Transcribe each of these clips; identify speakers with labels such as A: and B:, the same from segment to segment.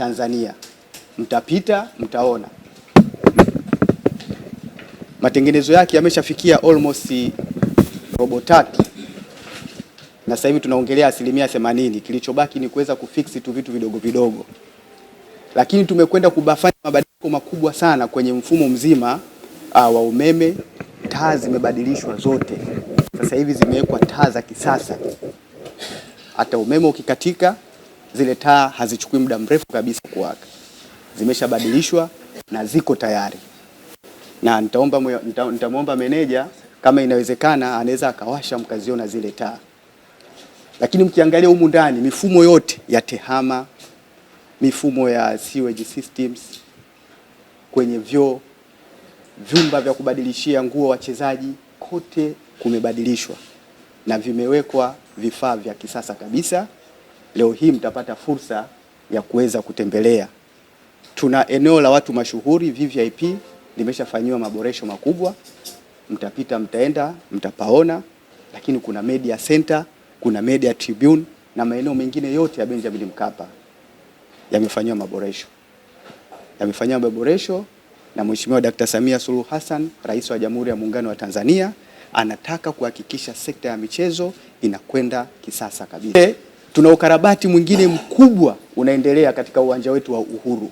A: Tanzania, mtapita mtaona. Matengenezo yake yameshafikia almost robo tatu, na sasa hivi tunaongelea asilimia themanini. Kilichobaki ni kuweza kufiksi tu vitu vidogo vidogo, lakini tumekwenda kubafanya mabadiliko makubwa sana kwenye mfumo mzima uh, wa umeme. Taa zimebadilishwa zote, sasa hivi zimewekwa taa za kisasa, hata umeme ukikatika zile taa hazichukui muda mrefu kabisa kuwaka, zimeshabadilishwa na ziko tayari, na nitaomba nitamwomba meneja kama inawezekana, anaweza akawasha mkaziona zile taa. Lakini mkiangalia humu ndani, mifumo yote ya tehama, mifumo ya sewage systems kwenye vyoo, vyumba vya kubadilishia nguo wachezaji, kote kumebadilishwa na vimewekwa vifaa vya kisasa kabisa leo hii mtapata fursa ya kuweza kutembelea. Tuna eneo la watu mashuhuri VVIP limeshafanyiwa maboresho makubwa, mtapita, mtaenda, mtapaona. Lakini kuna media center, kuna media tribune na maeneo mengine yote ya Benjamin Mkapa yamefanyiwa maboresho, yamefanyiwa maboresho na Mheshimiwa Dkt. Samia Suluhu Hassan, Rais wa Jamhuri ya Muungano wa Tanzania, anataka kuhakikisha sekta ya michezo inakwenda kisasa kabisa. Tuna ukarabati mwingine mkubwa unaendelea katika uwanja wetu wa Uhuru.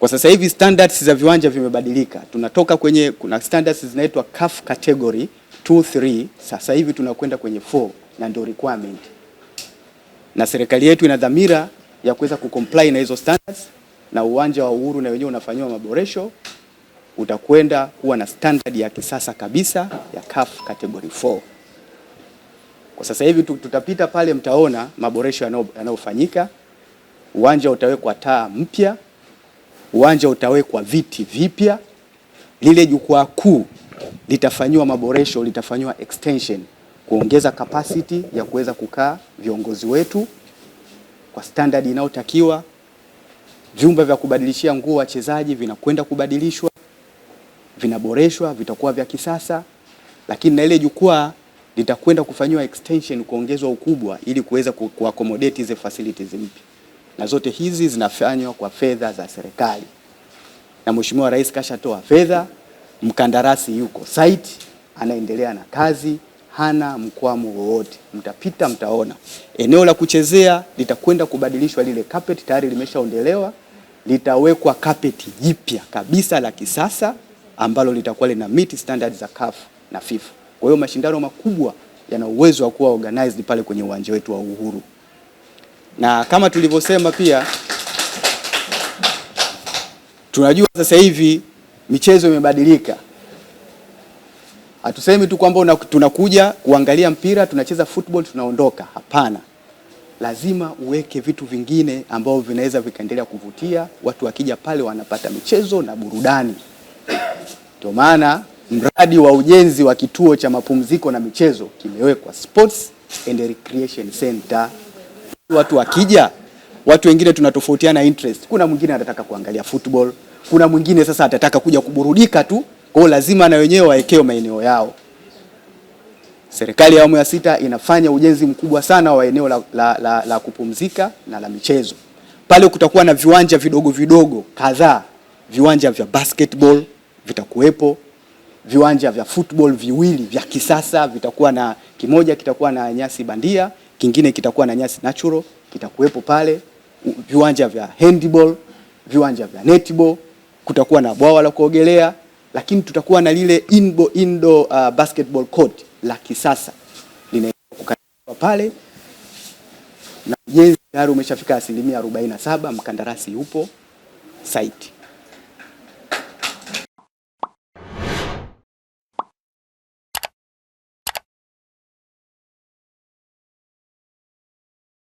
A: Kwa sasa hivi standards za viwanja vimebadilika, tunatoka kwenye kuna standards zinaitwa CAF category 2 3, sasa hivi tunakwenda kwenye 4 na ndio requirement, na serikali yetu ina dhamira ya kuweza kucomply na hizo standards, na uwanja wa Uhuru na wenyewe unafanyiwa maboresho, utakwenda kuwa na standard ya kisasa kabisa ya CAF category 4. Kwa sasa hivi tutapita pale, mtaona maboresho yanayofanyika. Uwanja utawekwa taa mpya, uwanja utawekwa viti vipya, lile jukwaa kuu litafanyiwa maboresho, litafanyiwa extension kuongeza capacity ya kuweza kukaa viongozi wetu kwa standard inayotakiwa. Vyumba vya kubadilishia nguo wachezaji vinakwenda kubadilishwa, vinaboreshwa, vitakuwa vya kisasa, lakini na ile jukwaa litakwenda kufanyiwa extension kuongezwa ukubwa ili kuweza ku accommodate hizi facilities mpya, na zote hizi zinafanywa kwa fedha za serikali, na Mheshimiwa Rais kashatoa fedha, mkandarasi yuko site anaendelea na kazi, hana mkwamo wowote. Mtapita mtaona eneo la kuchezea litakwenda kubadilishwa, lile carpet tayari limeshaondelewa, litawekwa carpet jipya kabisa la kisasa ambalo litakuwa lina meet standards za CAF na FIFA. Kwa hiyo mashindano makubwa yana uwezo wa kuwa organized pale kwenye uwanja wetu wa Uhuru, na kama tulivyosema pia tunajua sasa hivi michezo imebadilika. Hatusemi tu kwamba tunakuja kuangalia mpira, tunacheza football, tunaondoka. Hapana, lazima uweke vitu vingine ambavyo vinaweza vikaendelea kuvutia watu, wakija pale wanapata michezo na burudani. Ndio maana Mradi wa ujenzi wa kituo cha mapumziko na michezo kimewekwa Sports and Recreation Center. Watu wakija, watu wengine tunatofautiana interest. Kuna mwingine anataka kuangalia football, kuna mwingine sasa atataka kuja kuburudika tu, kwa lazima na wenyewe wawekewe maeneo yao. Serikali ya awamu ya sita inafanya ujenzi mkubwa sana wa eneo la, la, la, la kupumzika na la michezo. Pale kutakuwa na viwanja vidogo vidogo kadhaa, viwanja vya basketball vitakuwepo viwanja vya football viwili vya kisasa vitakuwa na kimoja kitakuwa na nyasi bandia, kingine kitakuwa na nyasi natural, kitakuwepo pale. Viwanja vya handball, viwanja vya netball, kutakuwa na bwawa la kuogelea, lakini tutakuwa na lile inbo, indoor uh, basketball court la kisasa linakukaribishwa pale, na ujenzi tayari umeshafika asilimia 47, mkandarasi yupo site.